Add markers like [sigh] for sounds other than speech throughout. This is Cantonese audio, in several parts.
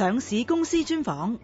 上市公司專訪。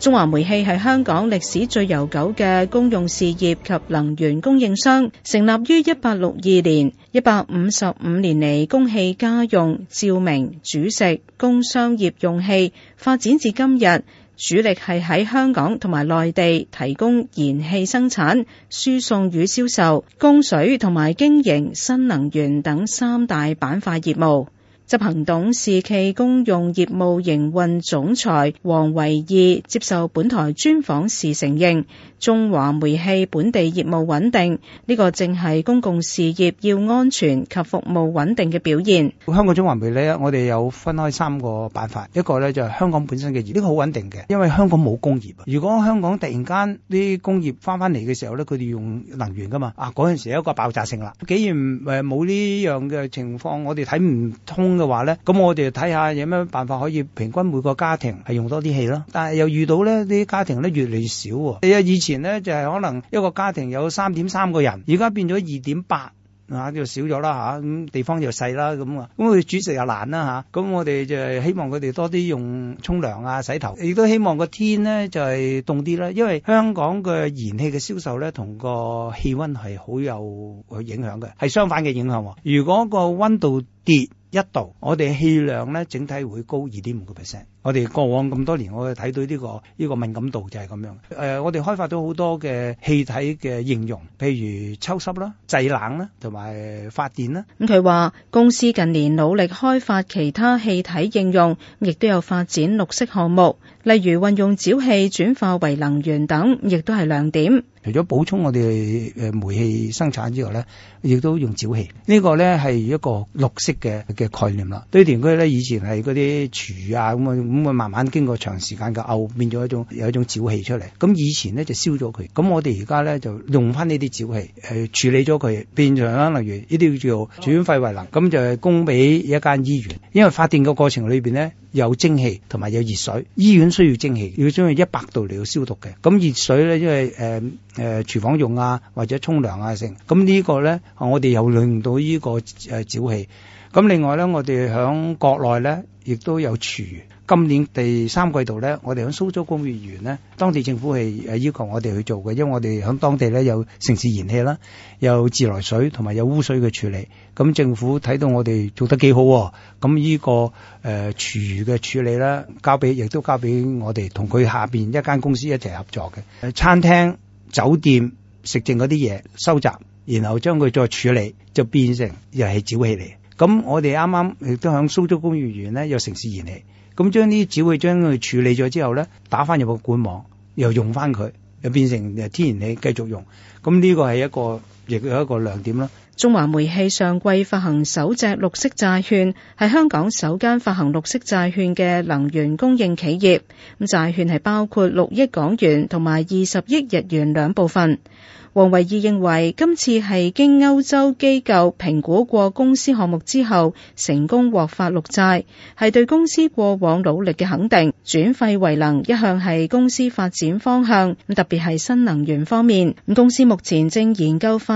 中華煤氣係香港歷史最悠久嘅公用事業及能源供應商，成立於一八六二年，一百五十五年嚟，供氣家用、照明、煮食、工商業用氣，發展至今日。主力係喺香港同埋內地提供燃氣生產、輸送與銷售、供水同埋經營新能源等三大板塊業務。執行董事暨公用業務營運總裁黃維義接受本台專訪時承認，中華煤氣本地業務穩定，呢個正係公共事業要安全及服務穩定嘅表現。香港中華煤呢，我哋有分開三個辦法，一個呢就係香港本身嘅業，呢個好穩定嘅，因為香港冇工業。如果香港突然間啲工業翻翻嚟嘅時候呢，佢哋用能源噶嘛，啊嗰陣時有一個爆炸性啦。既然誒冇呢樣嘅情況，我哋睇唔通。嘅話咧，咁我哋睇下有咩辦法可以平均每個家庭係用多啲氣咯。但係又遇到咧，啲家庭咧越嚟越少。你啊，以前呢就係、是、可能一個家庭有三點三個人，而家變咗二點八啊，就少咗啦吓。咁地方又細啦，咁啊，咁佢煮食又難啦、啊、吓。咁、啊嗯、我哋就希望佢哋多啲用沖涼啊、洗頭，亦都希望個天呢就係凍啲啦，因為香港嘅燃氣嘅銷售咧同個氣溫係好有影響嘅，係相反嘅影響、啊。如果個溫度跌。一度，我哋氣量咧整體會高二點五個 percent。我哋過往咁多年，我哋睇到呢個呢個敏感度就係咁樣。誒、呃，我哋開發咗好多嘅氣體嘅應用，譬如抽濕啦、製冷啦，同埋發電啦。咁佢話公司近年努力開發其他氣體應用，亦都有發展綠色項目，例如運用沼氣轉化為能源等，亦都係亮點。除咗補充我哋誒煤氣生產之外咧，亦都用沼氣。這個、呢個咧係一個綠色嘅嘅概念啦。堆填區咧以前係嗰啲廚啊咁啊咁啊，慢慢經過長時間嘅嘔，變咗一種有一種沼氣出嚟。咁、嗯、以前呢就燒咗佢。咁、嗯、我哋而家咧就用翻呢啲沼氣，係、呃、處理咗佢，變咗可能如呢啲叫轉廢為能。咁、嗯、就係、是、供俾一間醫院。因為發電嘅過程裏邊呢，有蒸汽同埋有熱水，醫院需要蒸汽，要將佢一百度嚟到消毒嘅。咁、嗯、熱水咧，因為誒。呃呃呃誒、呃、廚房用啊，或者沖涼啊，成、這、咁、個、呢個咧，我哋又利用到呢、這個誒、呃、沼氣。咁、呃、另外咧，我哋喺國內咧，亦都有廚餘。今年第三季度咧，我哋喺蘇州工業園咧，當地政府係誒要求我哋去做嘅，因為我哋喺當地咧有城市燃氣啦，有自來水同埋有污水嘅處理。咁、呃、政府睇到我哋做得幾好、哦，咁呢個誒廚餘嘅處理咧，交俾亦都交俾我哋同佢下邊一間公司一齊合作嘅誒、呃、餐廳。酒店食剩嗰啲嘢收集，然後將佢再處理，就變成又係沼氣嚟。咁我哋啱啱亦都響蘇州工業園咧有城市燃氣。咁將啲沼氣將佢處理咗之後咧，打翻入個管網，又用翻佢，又變成又天然氣繼續用。咁呢個係一個。亦有一個亮點啦。中華煤氣上季發行首隻綠色債券，係香港首間發行綠色債券嘅能源供應企業。咁債券係包括六億港元同埋二十億日元兩部分。黃維義認為今次係經歐洲機構評估過公司項目之後，成功獲發綠債，係對公司過往努力嘅肯定。轉廢為能一向係公司發展方向，咁特別係新能源方面。咁公司目前正研究發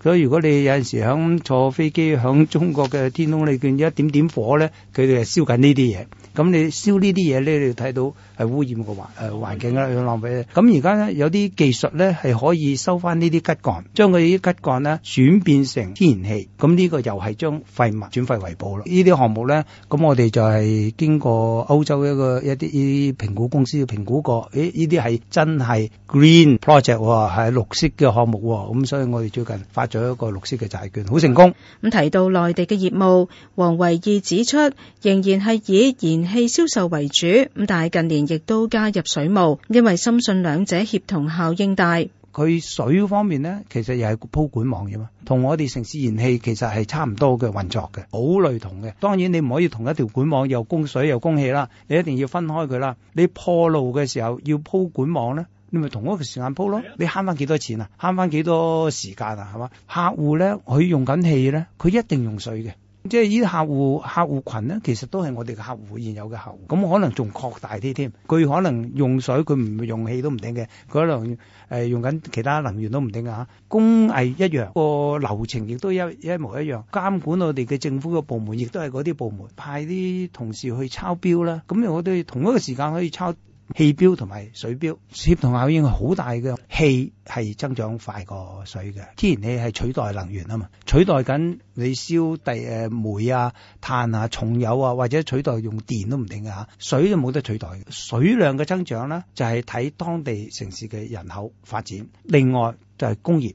所以如果你有陣時響坐飛機響中國嘅天空，裏邊，見到一點點火咧，佢哋係燒緊呢啲嘢。咁你燒呢啲嘢咧，你要睇到係污染個環誒環境啦，又浪費咧。咁而家咧有啲技術咧係可以收翻呢啲秸稈，將佢啲秸稈咧轉變成天然氣。咁呢個又係將廢物轉廢為寶咯。呢啲項目咧，咁我哋就係經過歐洲一個一啲評估公司評估過，誒呢啲係真係 green project，係綠色嘅項目。咁所以我哋最近發咗一個綠色嘅債券，好成功。咁提到內地嘅業務，黃維義指出，仍然係以燃氣銷售為主，咁但係近年亦都加入水務，因為深信兩者協同效應大。佢水方面呢，其實又係鋪管網嘅嘛，同我哋城市燃氣其實係差唔多嘅運作嘅，好類同嘅。當然你唔可以同一條管網又供水又供氣啦，你一定要分開佢啦。你破路嘅時候要鋪管網咧，你咪同一個時間鋪咯。你慳翻幾多錢啊？慳翻幾多時間啊？係嘛？客戶咧，佢用緊氣咧，佢一定用水嘅。即係依啲客戶、客戶群呢，其實都係我哋嘅客戶，現有嘅客戶，咁、嗯、可能仲擴大啲添。佢可能用水，佢唔用氣都唔定嘅，佢可能誒用緊其他能源都唔定㗎吓。工藝一樣，這個流程亦都一一模一樣，監管我哋嘅政府嘅部門亦都係嗰啲部門派啲同事去抄表啦。咁我哋同一個時間可以抄。氣表同埋水表，協同效應好大嘅，氣係增長快過水嘅。天然氣係取代能源啊嘛，取代緊你燒第誒煤啊、碳啊、重油啊，或者取代用電都唔定嘅嚇。水就冇得取代嘅。水量嘅增長咧，就係睇當地城市嘅人口發展。另外就係工業，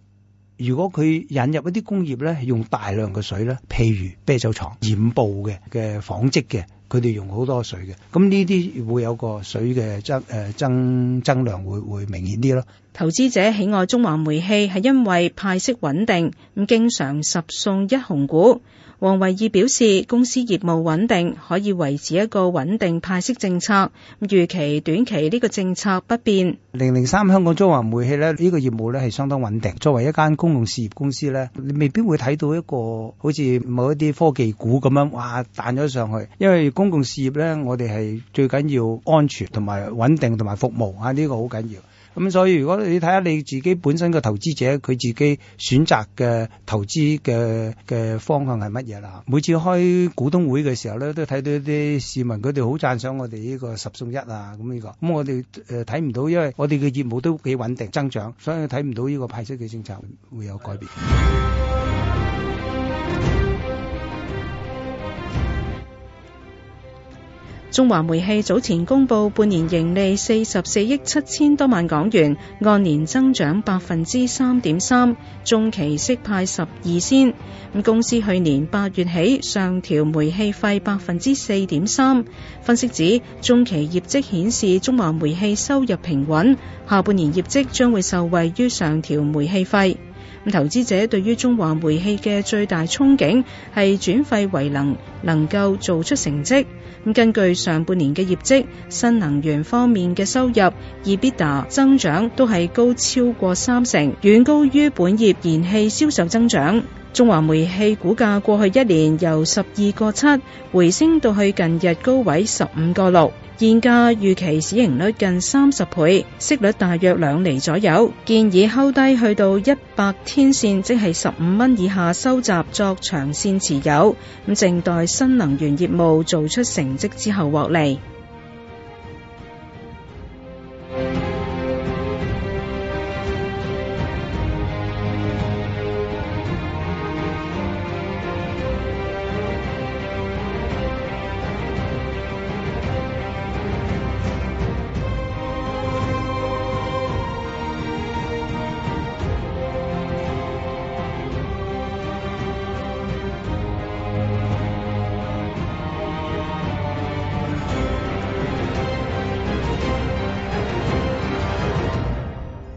如果佢引入一啲工業咧，用大量嘅水咧，譬如啤酒廠、染布嘅嘅紡織嘅。佢哋用好多水嘅，咁呢啲會有個水嘅增誒、呃、增增量會會明顯啲咯。投資者喜愛中華煤氣係因為派息穩定，咁經常十送一紅股。黃維義表示，公司業務穩定，可以維持一個穩定派息政策，預期短期呢個政策不變。零零三香港中華煤氣呢，呢、呢個業務呢係相當穩定。作為一間公共事業公司呢，你未必會睇到一個好似某一啲科技股咁樣哇彈咗上去，因為公共事業呢，我哋係最緊要安全同埋穩定同埋服務啊，呢、呢個好緊要。咁、嗯、所以如果你睇下你自己本身嘅投資者，佢自己選擇嘅投資嘅嘅方向係乜嘢啦？每次開股東會嘅時候咧，都睇到啲市民佢哋好讚賞我哋呢個十送一啊！咁呢、呢個咁、嗯、我哋誒睇唔到，因為我哋嘅業務都幾穩定增長，所以睇唔到呢個派息嘅政策會有改變。 [music] 中華煤氣早前公布半年盈利四十四億七千多萬港元，按年增長百分之三點三，中期息派十二仙。咁公司去年八月起上調煤氣費百分之四點三，分析指中期業績顯示中華煤氣收入平穩，下半年業績將會受惠於上調煤氣費。投資者對於中華煤氣嘅最大憧憬係轉廢為能，能夠做出成績。咁根據上半年嘅業績，新能源方面嘅收入、EBITDA 增長都係高超過三成，遠高於本業燃氣銷售增長。中華煤氣股價過去一年由十二個七回升到去近日高位十五個六，現價預期市盈率近三十倍，息率大約兩厘左右，建議候低去到一百天線，即係十五蚊以下收集作長線持有，咁靜待新能源業務做出成績之後獲利。